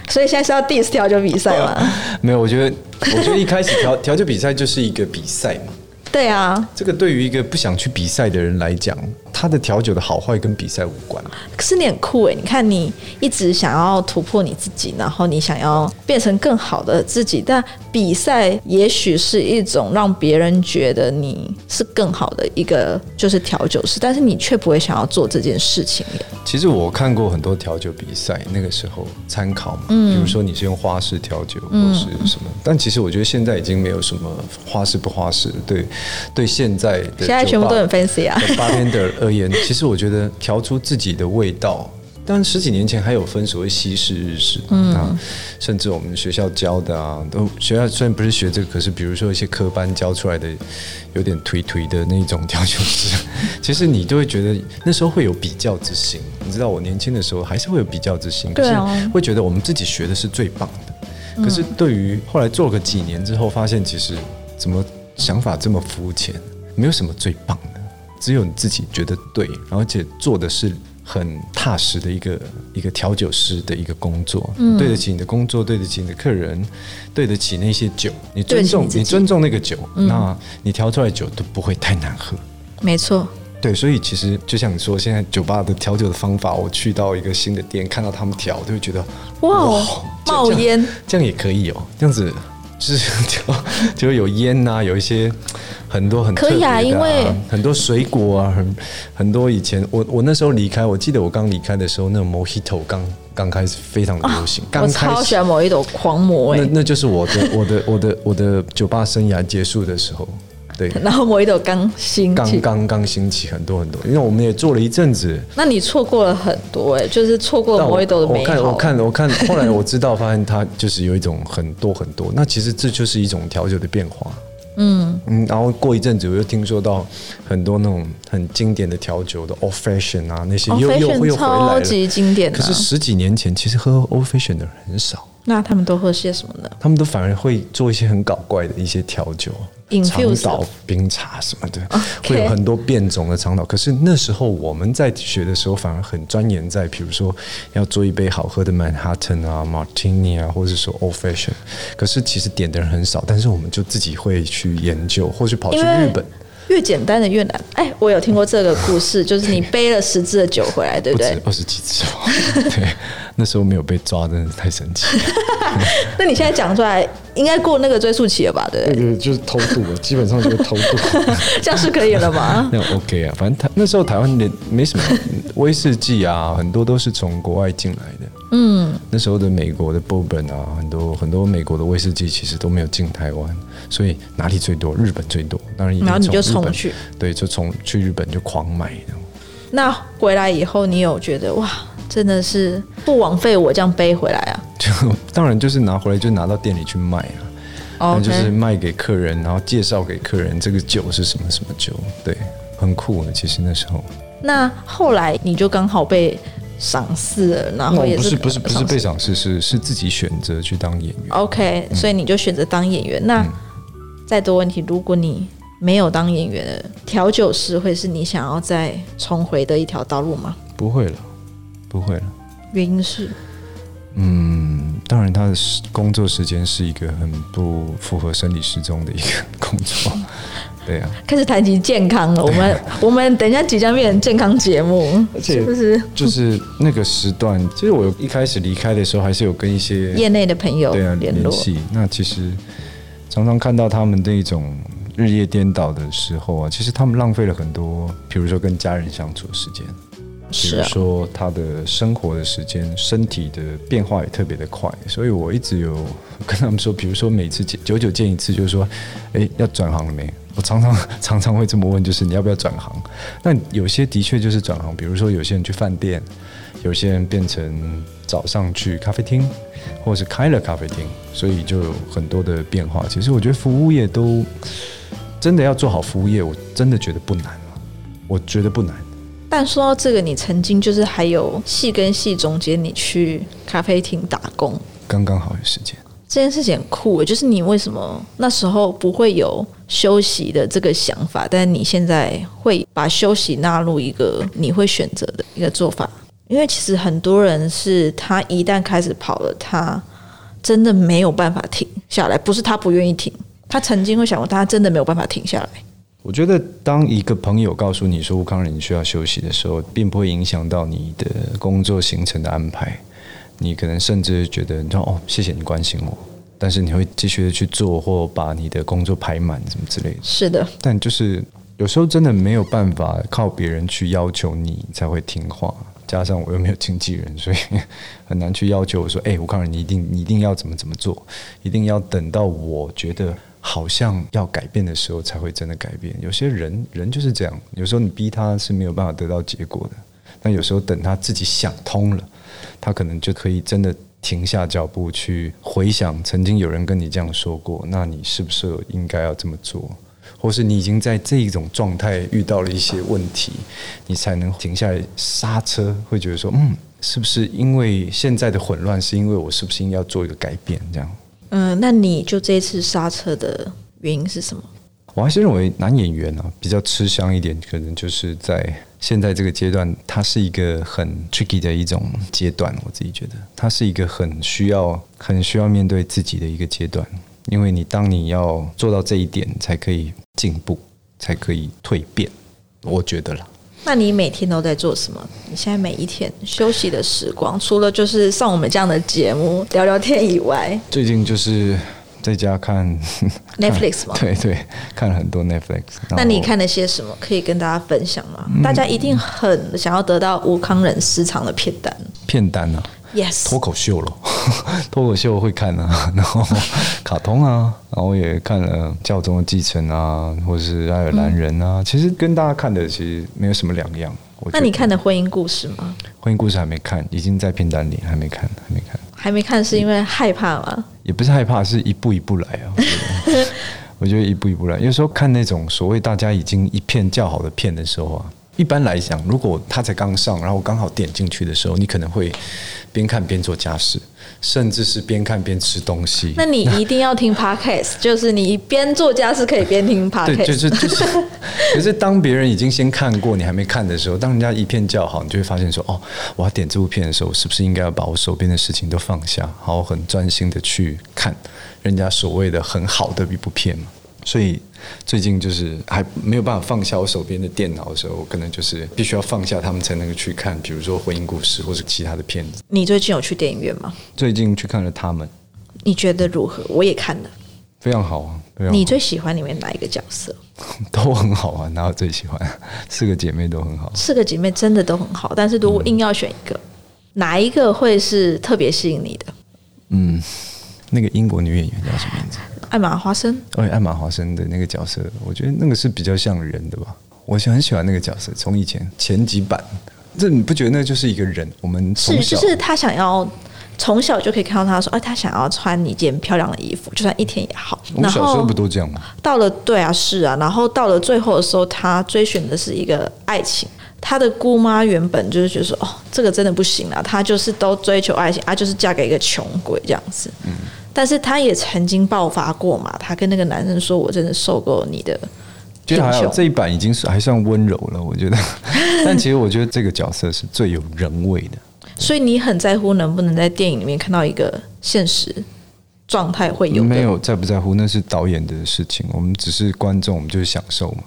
所以現在是要第一次調酒比賽嗎、哦？沒有，我覺得我覺得一開始調調 酒比賽就是一個比賽嘛。對啊，這個對於一個不想去比賽的人來講，他的調酒的好壞跟比賽無關。可是你很酷，哎、欸，你看你一直想要突破你自己，然後你想要變成更好的自己，但，比賽也許是一種讓別人覺得你是更好的一個，就是調酒師，但是你卻不會想要做這件事情的。其實我看過很多調酒比賽，那個時候參考嘛、嗯，比如說你是用花式調酒或是什麼、嗯，但其實我覺得現在已經沒有什麼花式不花式對對，對現在的現在全部都很 fancy 啊。對 bartender 而言， 其實我覺得調出自己的味道。但十幾年前還有分所謂西式日式、嗯、啊，甚至我們學校教的啊，都學校雖然不是學這個，可是比如說一些科班教出來的，有點頹頹的那種調酒師，其實你都會覺得那時候會有比較之心。你知道我年輕的時候還是會有比較之心，對、嗯、可是會覺得我們自己學的是最棒的。可是對於後來做個幾年之後，發現其實怎麼想法這麼膚淺，沒有什麼最棒的，只有你自己覺得對，而且做的是。很踏實的一個一個調酒師的一個工作，嗯，對得起你的工作，對得起你的客人，對得起那些酒，你尊重你，你尊重那個酒，嗯，那你調出來的酒都不會太難喝。沒錯，對，所以其實就像你說，現在酒吧的調酒的方法，我去到一個新的店，看到他們調，我就會覺得哇，哇，冒煙這，這樣也可以哦，這樣子。是就就有煙吶、啊，有一些很多很特別的、啊、可以啊，因為很多水果啊，很很多以前我我那時候離開，我記得我剛離開的時候，那種 Mojito 剛剛開始非常的流行，剛、啊、開始我超喜歡莫吉托狂魔、欸，那那就是我的我的我的我的酒吧生涯結束的時候。 對，然後 Mojito 剛興起，剛剛剛興起很多很多，因為我們也做了一陣子。那你錯過了很多哎、欸，就是錯過了 Mojito 的美好。我看，我看，我看，我看 後來我知道，發現它就是有一種很多很多。那其實這就是一種調酒的變化。嗯嗯，然後過一陣子，我又聽說到很多那種很經典的調酒的 Old Fashion 啊，那些又又又超級經典、啊。可是十幾年前，其實喝 Old Fashion 的人很少。那他們都喝些什麼呢？他們都反而會做一些很搞怪的一些調酒，長島冰茶什麼的，okay，會有很多變種的長島。可是那時候我們在學的時候，反而很鑽研在，比如說要做一杯好喝的曼哈頓啊、馬提尼啊，或者說 Old Fashion。可是其實點的人很少，但是我們就自己會去研究，或是跑去日本。越簡單的越難。哎，我有聽過這個故事，就是你背了十支的酒回來， 對不對？不只二十幾支。對，那時候沒有被抓，真的是太神奇。 那你現在講出來，應該過那個追溯期了吧？對吧。那個就是偷渡，基本上就是偷渡。這 樣是可以了吧？ 那 OK 啊，反正台那時候台灣的沒什麼威士忌啊，很多都是從國外進來的。嗯。那時候的美國的 Bourbon 啊，很多很多美國的威士忌其實都沒有進台灣。所以哪裡最多？日本最多，當然然後你就衝去，對，就衝去日本就狂買。那回來以後，你有覺得哇，真的是不枉費我這樣背回來啊？就當然就是拿回來就拿到店裡去賣啊，哦、okay，就是賣給客人，然後介紹給客人這個酒是什麼什麼酒，對，很酷的。其實那時候，那後來你就剛好被賞識了，然後也是賞賞不是不是不是被賞識，是是，是自己選擇去當演員。OK、嗯、所以你就選擇當演員那、嗯。再多問題，如果你沒有當演員，調酒師會是你想要再重回的一條道路嗎？不會了，不會了。原因是，嗯，當然，他的工作時間是一個很不符合生理時鐘的一個工作。對啊，開始談及健康了。我們、啊、我們等一下即將變成健康節目，是不是？就是那個時段。 其實我一開始離開的時候，還是有跟一些業內的朋友對啊聯絡。那其實。常常看到他們那種日夜顛倒的時候啊，其實他們浪費了很多，比如說跟家人相處的時間，比如說他的生活的時間，身體的變化也特別的快。所以我一直有跟他們說，比如說每次見久久見一次，就是說，哎、欸，要轉行了沒？我常常常常會這麼問，就是你要不要轉行？但有些的確就是轉行，比如說有些人去飯店。有些人變成早上去咖啡廳，或者是開了咖啡廳，所以就有很多的變化。其實我覺得服務業都真的要做好服務業，我真的覺得不難了，我覺得不難。但說到這個，你曾經就是還有戲跟戲中間，你去咖啡廳打工，剛剛好有時間。這件事情很酷，就是你為什麼那時候不會有休息的這個想法？但你現在會把休息納入一個你會選擇的一個做法。因為其實很多人是他一旦開始跑了，他真的沒有辦法停下來。不是他不願意停，他曾經會想過，但他真的沒有辦法停下來。我覺得，當一個朋友告訴你說“吳慷仁需要休息”的時候，並不會影響到你的工作行程的安排。你可能甚至覺得你說：“哦，謝謝你關心我。”但是你會繼續的去做，或把你的工作排滿，什麼之類的。是的。但就是有時候真的沒有辦法靠別人去要求你才會聽話。加上我又沒有經紀人，所以很難去要求我說：“哎、欸，吳慷仁，你，你一定你一定要怎麼怎麼做，一定要等到我覺得好像要改變的時候才會真的改變。”有些人人就是這樣，有時候你逼他是沒有辦法得到結果的，但有時候等他自己想通了，他可能就可以真的停下腳步去回想曾經有人跟你這樣說過，那你是不是有應該要這麼做？或是你已經在這一種狀態遇到了一些問題，你才能停下來剎車，會覺得說，嗯，是不是因為現在的混亂，是因為我是不是要做一個改變？這樣。嗯，那你就這一次剎車的原因是什麼？我還是認為男演員呢、啊、比較吃香一點，可能就是在現在這個階段，它是一個很 tricky 的一種階段。我自己覺得，它是一個很需要、很需要面對自己的一個階段。因為你當你要做到這一點，才可以進步，才可以蛻變，我覺得了。那你每天都在做什麼？你現在每一天休息的時光，除了就是上我們這樣的節目聊聊天以外，最近就是在家看 Netflix 嘛。對對，看了很多 Netflix。那你看了些什麼？可以跟大家分享嗎？嗯，大家一定很想要得到吳慷仁私藏的片單。片單呢？啊？Yes，脫口秀咯。脫口秀會看啊，然後卡通啊，然後也看了《教宗的繼承》啊，或者是還有男人啊《愛爾蘭人》啊。其實跟大家看的其實沒有什麼兩樣。那你看的婚姻故事嗎《婚姻故事》嗎？《婚姻故事》還沒看，已經在片單裡，還沒看，還沒看，還沒看，是因為害怕嗎？也，也不是害怕，是一步一步來啊。我覺得， 我覺得一步一步來，有時候看那種所謂大家已經一片叫好的片的時候啊，一般來講，如果他才剛上，然後剛好點進去的時候，你可能會邊看邊做家事。甚至是邊看邊吃東西，那你一定要聽 Podcast，就是你邊做家事可以邊聽 Podcast，對，就是就是。 可是當別人已經先看過，你還沒看的時候，當人家一片叫好，你就會發現說，哦，我要點這部片的時候，我是不是應該要把我手邊的事情都放下，好，很專心的去看人家所謂的很好的一部片嘛？所以。最近就是還沒有辦法放下我手邊的電腦的時候，我可能就是必須要放下他們才能夠去看，比如說《婚姻故事》或是其他的片子。你最近有去電影院嗎？最近去看了他們，你覺得如何？我也看了，非常好啊！你最喜歡裡面哪一個角色？都很好啊，哪有最喜歡？四個姐妹都很好，四個姐妹真的都很好。但是如果硬要選一個，嗯、哪一個會是特別吸引你的？嗯，那個英國女演員叫什麼名字？艾瑪華生，對、哎，艾瑪華生的那個角色，我覺得那個是比較像人的吧。我是很喜歡那個角色，從以前前幾版，這你不覺得那就是一個人？我們是就是他想要從小就可以看到他說，哎、啊，他想要穿一件漂亮的衣服，就算一天也好。嗯、我小時候不都這樣嗎？到了對啊，是啊，然後到了最後的時候，他追尋的是一個愛情。他的姑媽原本就是覺得說，哦，這個真的不行啊，他就是都追求愛情啊，就是嫁給一個窮鬼這樣子。嗯。但是他也曾經爆發過嘛？他跟那個男生說：“我真的受夠你的。”覺得還好，這一版已經是還算溫柔了。我覺得， 但其實我覺得這個角色是最有人味的。所以你很在乎能不能在電影裡面看到一個現實狀態會有的沒有在不在乎？那是導演的事情。我們只是觀眾，我們就是享受嘛。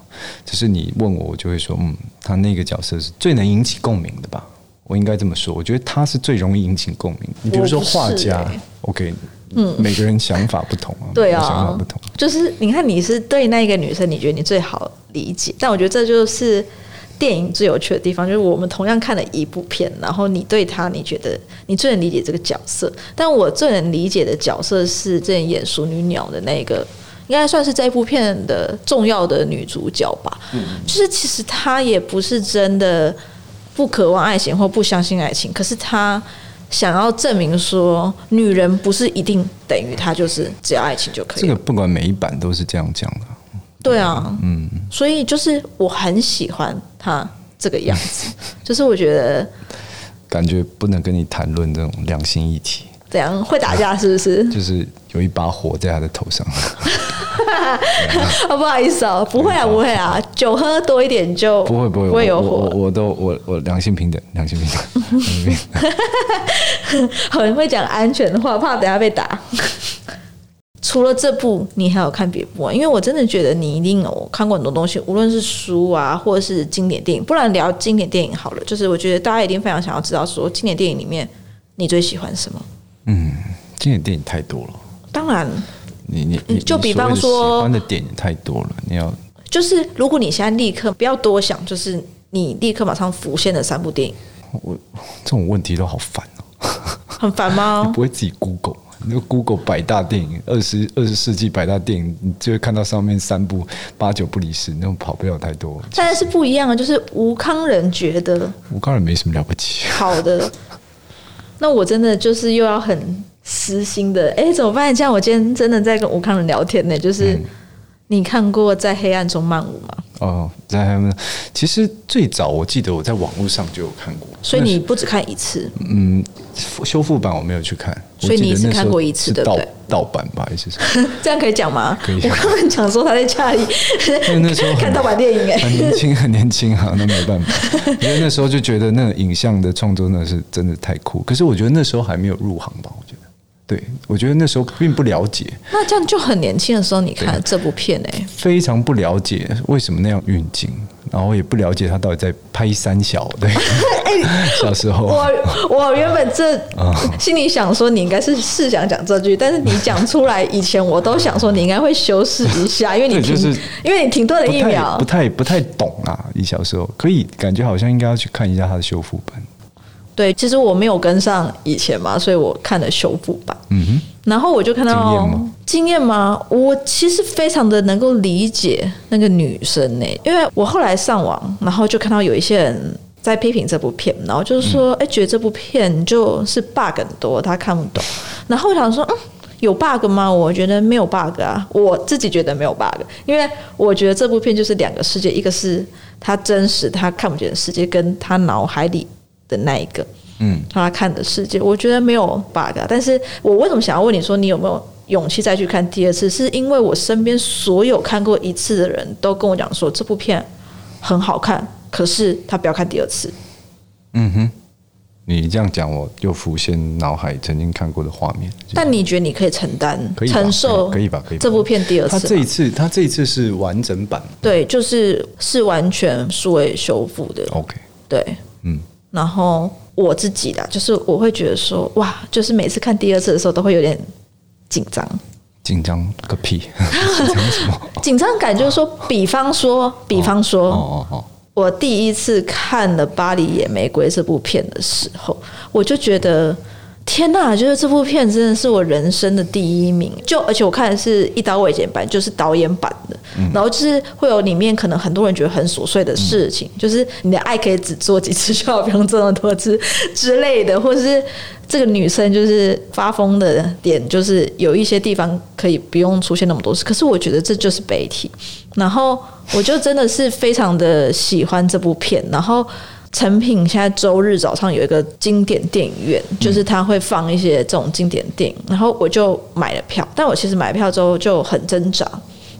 只是你問我，我就會說：“嗯，他那個角色是最能引起共鳴的吧？”我應該這麼說。我覺得他是最容易引起共鳴。你比如說畫家、欸、，OK。嗯，每個人想法不同啊，對啊，想法不同。就是你看你是對那個女生，你覺得你最好理解，但我覺得這就是電影最有趣的地方，就是我們同樣看了一部片，然後你對她，你覺得你最能理解這個角色，但我最能理解的角色是這演淑女鳥的那個，應該算是這部片的重要的女主角吧。嗯，就是其實她也不是真的不渴望愛情或不相信愛情，可是她，想要證明說，女人不是一定等於她就是只要愛情就可以。這個不管每一版都是這樣講的。對啊，嗯，所以就是我很喜歡她這個樣子，就是我覺得感覺不能跟你談論這種兩性議題，怎樣會打架是不是？就是有一把火在他的頭上。 .啊、 不好意思哦，不會啊，不會啊， 酒喝多一點就不會，不會有火，我我，我都我我良心平等，良心平等，很 會講安全的話，怕等下被打。 除了這部，你還有看別部啊？因為我真的覺得你一定，有看過很多東西，無論是書啊，或者是經典電影。不然聊經典電影好了，就是我覺得大家一定非常想要知道說，說經典電影裡面你最喜歡什麼？嗯，經典電影太多了，當然。你你你就比方說，喜歡的電影太多了，你要就是如果你現在立刻不要多想，就是你立刻馬上浮現的三部電影。我這種問題都好煩哦，很煩嗎？ 你不會自己 Google，你 Google 百大電影，二十二十世紀百大電影，你就會看到上面三部八九不離十，那種跑不了太多。但是是不一樣的，就是吳慷仁覺得吳慷仁沒什麼了不起，好的。 那我真的就是又要很。私心的哎、欸，怎麼辦？像我今天真的在跟吳慷仁聊天呢、欸，就是你看過《在黑暗中漫舞》嗎？嗯、哦，在黑暗中，其實最早我記得我在網絡上就有看過。所以你不只看一次。嗯，修復版我沒有去看，所以你只看過一次的盜盜版吧，還是什麼？ 這樣可以講嗎？可以。我剛剛講說他在家裡， 那那時候看盜版電影，哎， 很年輕，很年輕哈，那沒辦法，因 為那時候就覺得那個影像的創作那是真的太酷。可是我覺得那時候還沒有入行吧。對，我覺得那時候並不了解。那這樣就很年輕的時候，你看這部片哎、欸，非常不了解為什麼那樣運鏡，然後也不了解他到底在拍三小，對、 欸。小時候，我我原本這心裡想說你應該是是想講這句，但是你講出來以前，我都想說你應該會修飾一下 因你、 就是，因為你停，因為你停頓了一秒，不太不太，不太懂啊。你小時候可以感覺好像應該要去看一下他的修復版。對，其實我沒有跟上以前嘛，所以我看了修復版。嗯哼。然後我就看到，經驗嗎，嗎？我其實非常的能夠理解那個女生呢、欸，因為我後來上網，然後就看到有一些人在批評這部片，然後就是說，哎、嗯欸，覺得這部片就是 bug 很多，他看不懂、嗯。然後我想說，嗯，有 bug 嗎？我覺得沒有 bug 啊，我自己覺得沒有 bug，因為我覺得這部片就是兩個世界，一個是他真實他看不見的世界，跟他腦海裡。的那一個，嗯，看他看的世界，我覺得沒有 bug，但是我為什麼想要問你說你有沒有勇氣再去看第二次？是因為我身邊所有看過一次的人都跟我講說這部片很好看，可是他不要看第二次。嗯哼，你這樣講，我又浮現腦海曾經看過的畫面。但你覺得你可以承擔、承受，可以吧？可以吧，可以吧。這部片第二次，他這一次，他這一次是完整版。對，就是是完全數位修復的。OK。對，嗯。然後我自己的就是我會覺得說哇，就是每次看第二次的時候都會有點緊張，緊張個屁，緊張什麼？緊 張感就是說，比方說，比方說、哦，我第一次看了《巴黎野玫瑰》這部片的時候，我就覺得。天吶，就是這部片真的是我人生的第一名。就而且我看的是一刀未剪版，就是導演版的、嗯。然後就是會有裡面可能很多人覺得很瑣碎的事情、嗯，就是你的愛可以只做幾次，就好，不用做那麼多次之類的，或是這個女生就是發瘋的點，就是有一些地方可以不用出現那麼多次。可是我覺得這就是悲體。然後我就真的是非常的喜歡這部片， 然後。誠品現在周日早上有一個經典電影院，就是他會放一些這種經典電影，然後我就買了票。但我其實買票之後就很掙扎，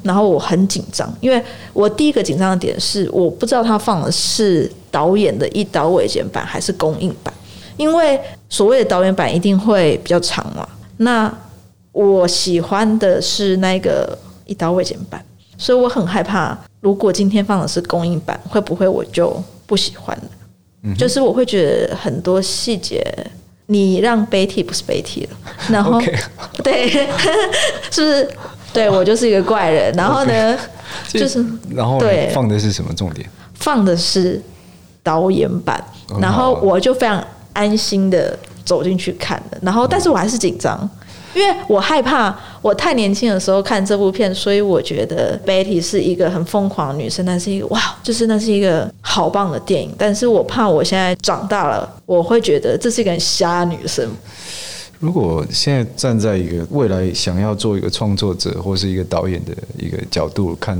然後我很緊張，因為我第一個緊張的點是我不知道他放的是導演的一刀未剪版還是公映版，因為所謂的導演版一定會比較長嘛。那我喜歡的是那個一刀未剪版，所以我很害怕，如果今天放的是公映版，會不會我就不喜歡了？就是我會覺得很多細節，你讓 Betty 不是 Betty 了，然後 Okay 對， 是不是？對，我就是一個怪人。然後呢，就是然後對，放的是什麼重點？放的是導演版。然後我就非常安心的走進去看的，然後，但是我還是緊張。因為我害怕我太年輕的時候看這部片，所以我覺得 Betty 是一個很瘋狂的女生，那是一個哇，就是那是一個好棒的電影。但是我怕我現在長大了，我會覺得這是一個很瞎女生。如果現在站在一個未來想要做一個創作者或是一個導演的一個角度看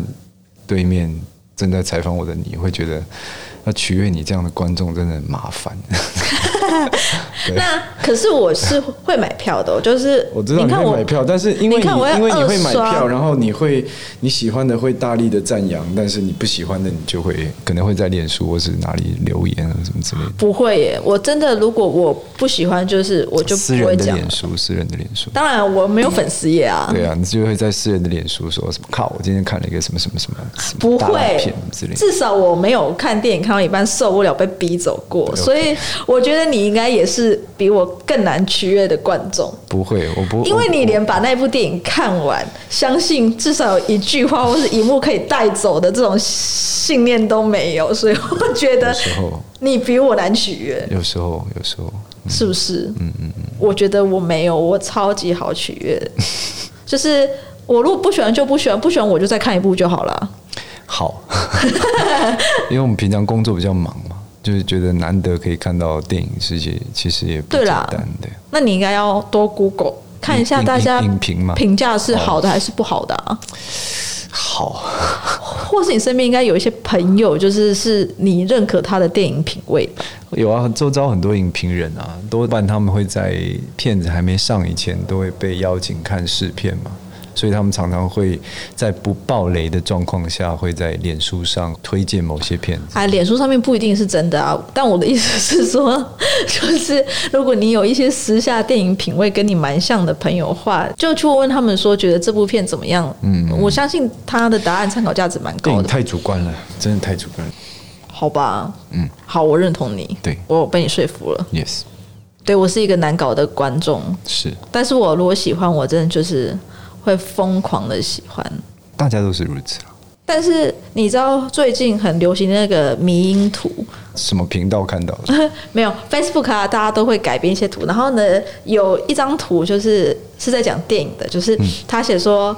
對面。正在採訪我的你會覺得要取悅你這樣的觀眾真的很麻煩 那可是我是會買票的。哦，就是我知道你會買票，但是因為你，你看我因為你會買票，然後你會你喜歡的會大力的讚揚，但是你不喜歡的你就會可能會在臉書或是哪裡留言啊什麼之類的。不會耶，我真的如果我不喜歡，就是我就不會講的臉書，私人的臉書，當、嗯、然我沒有粉絲頁啊。對啊，你就會在私人的臉書說什麼靠，我今天看了一個什麼什麼什麼，不會。至少我沒有看電影看到一半受不了被逼走過，okay、所以我覺得你應該也是比我更難取悅的觀眾。不會，我不會，因為你連把那部電影看完，相信至少有一句話或者一幕可以帶走的這種信念都沒有，所以我覺得，有時候你比我難取悅，有時候，有時候,有時候、嗯、是不是？嗯嗯嗯，我覺得我沒有，我超級好取悅， 就是我如果不喜歡就不喜歡，不喜歡我就再看一部就好了。好，因為我們平常工作比較忙嘛，就是覺得難得可以看到電影世界，其實也不簡單，對。那你應該要多 Google 看一下，大家影評嘛，評價是好的還是不好的啊？好，好，或是你身邊應該有一些朋友，就是是你認可他的電影品味。有啊，周遭很多影評人啊，多半他們會在片子還沒上以前，都會被邀請看試片嘛。所以他們常常會在不爆雷的狀況下，會在臉書上推薦某些片子，啊。哎，臉書上面不一定是真的啊。但我的意思是說，就是如果你有一些私下電影品味跟你蠻像的朋友的話，就去問他們說，覺得這部片怎麼樣？嗯，嗯，我相信他的答案參考價值蠻高的。太主觀了，真的太主觀了。好吧，嗯，好，我認同你。對，我被你說服了。Yes，對我是一個難搞的觀眾。是，但是我如果喜歡，我真的就是。會瘋狂的喜歡，大家都是如此。但是你知道最近很流行的那個迷因圖，什麼頻道看到的？沒有 Facebook 啊，大家都會改編一些圖。然後呢，有一張圖就是是在講電影的，就是他寫說，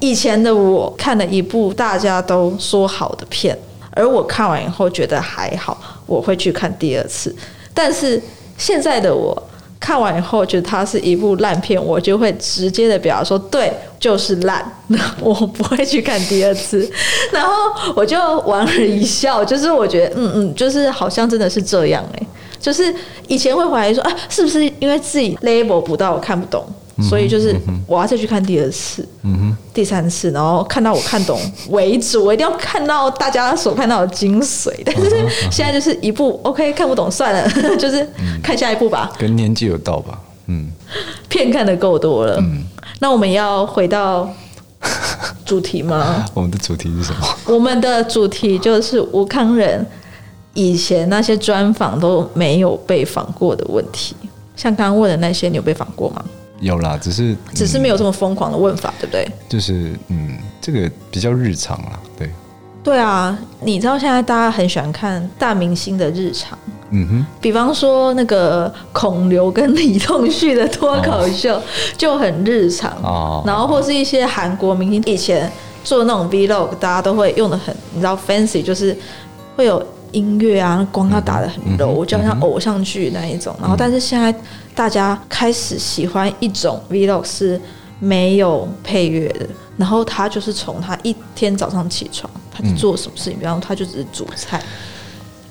以前的我看了一部大家都說好的片，而我看完以後覺得還好，我會去看第二次。但是現在的我。看完以後，覺得它是一部爛片，我就會直接的表達說：“對，就是爛，我不會去看第二次。”然後我就莞爾一笑，就是我覺得，嗯嗯，就是好像真的是這樣欸，就是以前會懷疑說，啊，是不是因為自己 label 不到，我看不懂。所以就是我要再去看第二次，嗯哼，第三次，然後看到我看懂為止。我一定要看到大家所看到的精髓。 但是現在就是一部 OK，看不懂算了， 就是看下一部吧。跟年紀有到吧？嗯，片看的夠多了。嗯，那我們要回到主題嗎？ 我們的主題是什麼？我們的主題就是吳慷仁以前那些專訪都沒有被訪過的問題，像剛剛問的那些，你有被訪過嗎？有啦，只是、嗯、只是沒有這麼瘋狂的問法，對不對？就是嗯，這個比較日常啦，對。對啊，你知道現在大家很喜歡看大明星的日常，嗯哼，比方說那個孔劉跟李棟旭的脫口秀、哦、就很日常哦，然後或是一些韓國明星、哦、以前做那種 Vlog，大家都會用得很，你知道 fancy 就是會有。音樂啊，光要打得很柔，嗯、就好像偶像劇那一種。嗯、然後，但是現在大家開始喜歡一種 vlog，是沒有配樂的。然後他就是從他一天早上起床，他就做什麼事情，嗯、比方說他就只是煮菜，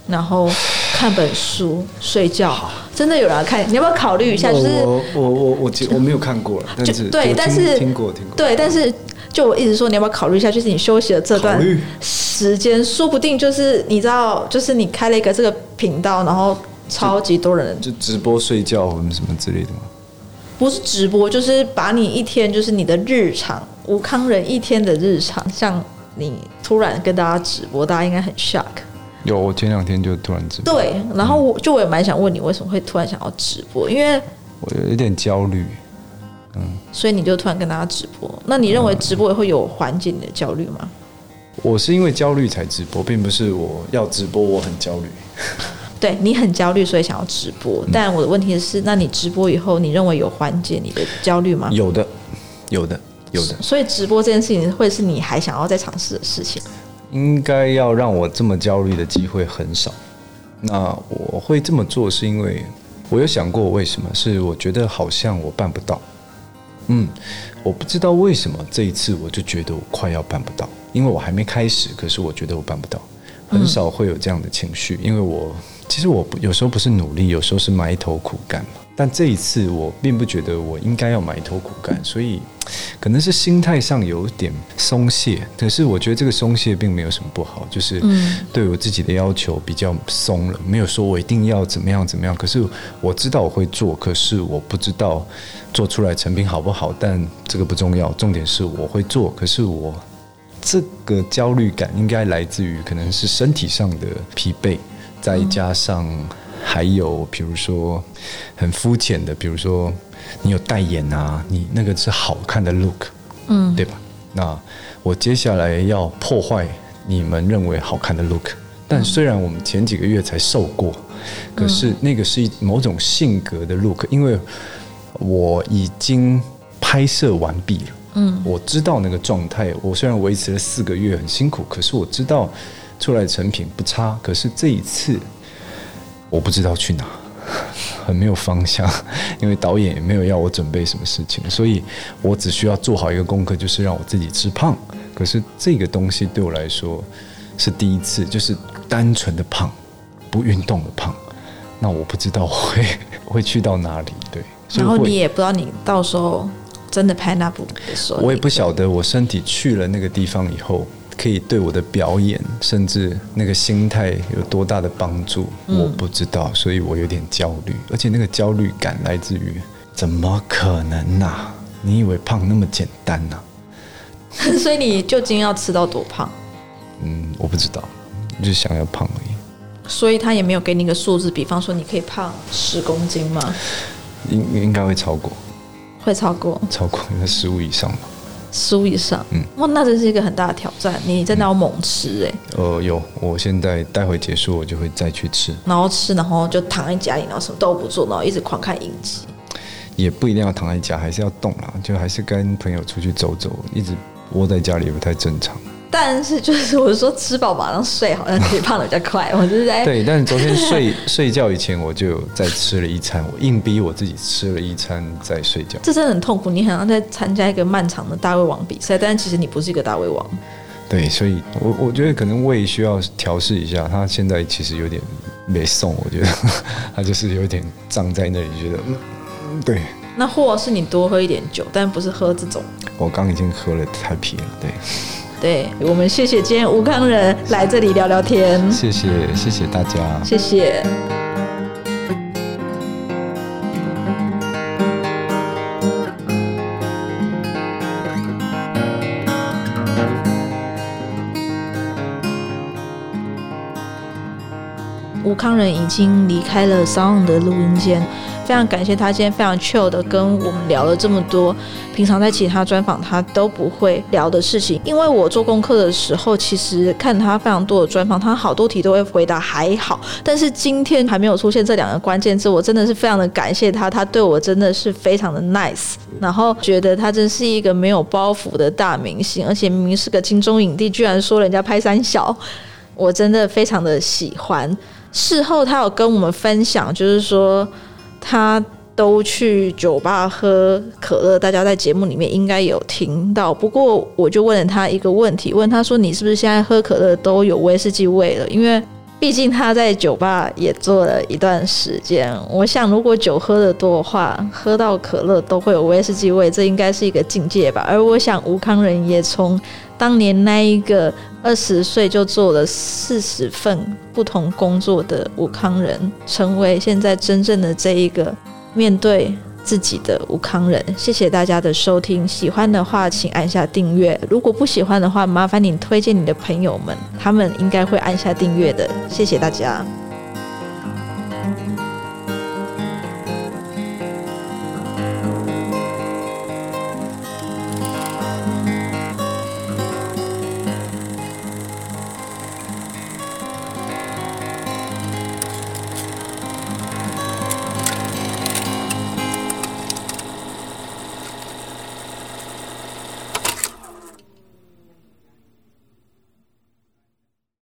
然後看本書，睡覺。真的有人看？你要不要考慮一下？就是我我我我我沒有看過了，但是對，但是聽,聽,聽過聽過，對，哦、但是。就我一直說，你要不要考慮一下，就是你休息的這段時間，說不定就是你知道，就是你開了一個這個頻道，然後超級多人就，就直播睡覺什麼什麼之類的嗎？不是直播，就是把你一天就是你的日常，吳慷仁一天的日常，像你突然跟大家直播，大家應該很 shock。有，我前兩天就突然直播對，然後我就我也蠻想問你，為什麼會突然想要直播？嗯、因為我有一點焦慮。嗯，所以你就突然跟大家直播？那你認為直播也會有緩解你的焦慮嗎？嗯？我是因為焦慮才直播，並不是我要直播我很焦慮。 對，你很焦慮，所以想要直播，嗯。但我的問題是，那你直播以後，你認為有緩解你的焦慮嗎？有的，有的，有的。所以直播這件事情會是你還想要再嘗試的事情？應該要讓我這麼焦慮的機會很少。那我會這麼做，是因為我有想過，為什麼是？我覺得好像我辦不到。嗯，我不知道為什麼這一次我就覺得我快要辦不到，因為我還沒開始，可是我覺得我辦不到。很少會有這樣的情緒，嗯，因為我。其實我有時候不是努力，有時候是埋頭苦幹嘛。但這一次我並不覺得我應該要埋頭苦幹，所以可能是心態上有點鬆懈。可是我覺得這個鬆懈並沒有什麼不好，就是對我自己的要求比較鬆了，嗯，沒有說我一定要怎麼樣怎麼樣。可是我知道我會做，可是我不知道做出來成品好不好。但這個不重要，重點是我會做。可是我這個焦慮感應該來自於可能是身體上的疲憊。再加上還有，比如說很膚淺的，比如說你有代言啊，你那個是好看的 look，嗯，對吧？那我接下來要破壞你們認為好看的 look。但雖然我們前幾個月才瘦過，可是那個是一某種性格的 look，因為我已經拍攝完畢了，嗯，我知道那個狀態。我雖然維持了四個月很辛苦，可是我知道。出來的成品不差，可是這一次我不知道去哪兒，很沒有方向，因為導演也沒有要我準備什麼事情，所以我只需要做好一個功課，就是讓我自己吃胖。可是這個東西對我來說是第一次，就是單純的胖，不運動的胖，那我不知道會會去到哪裡。對是是，然後你也不知道你到時候真的拍那部，我也不曉得我身體去了那個地方以後。可以對我的表演，甚至那個心態有多大的幫助、嗯，我不知道，所以我有點焦慮，而且那個焦慮感來自於：怎麼可能呢、啊？你以為胖那麼簡單呢、啊？ 所以你究竟要吃到多胖？嗯，我不知道，我就想要胖而已。所以他也沒有給你一個數字，比方說你可以胖十公斤嗎？應應該會超過，會超過，超過應該十五以上吧。十五以上，嗯，哇，那真是一個很大的挑戰。你真的要猛吃、欸，哎、嗯，呃，有，我現在待會結束，我就會再去吃。然後吃，然後就躺在家裡，然後什麼都不做，然後一直狂看影集。也不一定要躺在家，還是要動啦，就還是跟朋友出去走走，一直窩在家裡也不太正常。但是就是我說吃飽馬上睡好像可以胖的比較快， 我就是在對。但是昨天睡 睡覺以前我就在吃了一餐，我硬逼我自己吃了一餐再睡覺。這真的很痛苦，你好像在參加一個漫長的大胃王比賽，但是其實你不是一個大胃王。對，所以我我覺得可能胃需要調試一下，他現在其實有點沒送，我覺得他就是有點脹在那裡，覺得嗯對。那或是你多喝一點酒，但不是喝這種。我剛已經喝了太皮了，對。對，我們，謝謝今天吳慷仁來這裡聊聊天。謝謝，謝謝大家。謝謝。嗯嗯嗯、吳慷仁已經離開了 SoundOn 的錄音間。非常感謝他今天非常 chill 的跟我們聊了這麼多，平常在其他專訪他都不會聊的事情。因為我做功課的時候，其實看他非常多的專訪，他好多題都會回答還好，但是今天還沒有出現這兩個關鍵字，我真的是非常的感謝他，他對我真的是非常的 nice。然後覺得他真是一個沒有包袱的大明星，而且明明是個金鐘影帝，居然說人家拍三小，我真的非常的喜歡。事後他有跟我們分享，就是說。他都去酒吧喝可樂，大家在節目裡面應該有聽到。不過我就問了他一個問題，問他說：“你是不是現在喝可樂都有威士忌味了？”因為畢竟他在酒吧也做了一段時間。我想，如果酒喝得多的話，喝到可樂都會有威士忌味，這應該是一個境界吧。而我想，吳慷仁也從。當年那一個二十歲就做了四十份不同工作的吳慷仁，成為現在真正的這一個面對自己的吳慷仁。謝謝大家的收聽，喜歡的話請按下訂閱，如果不喜歡的話，麻煩你推薦你的朋友們，他們應該會按下訂閱的。謝謝大家。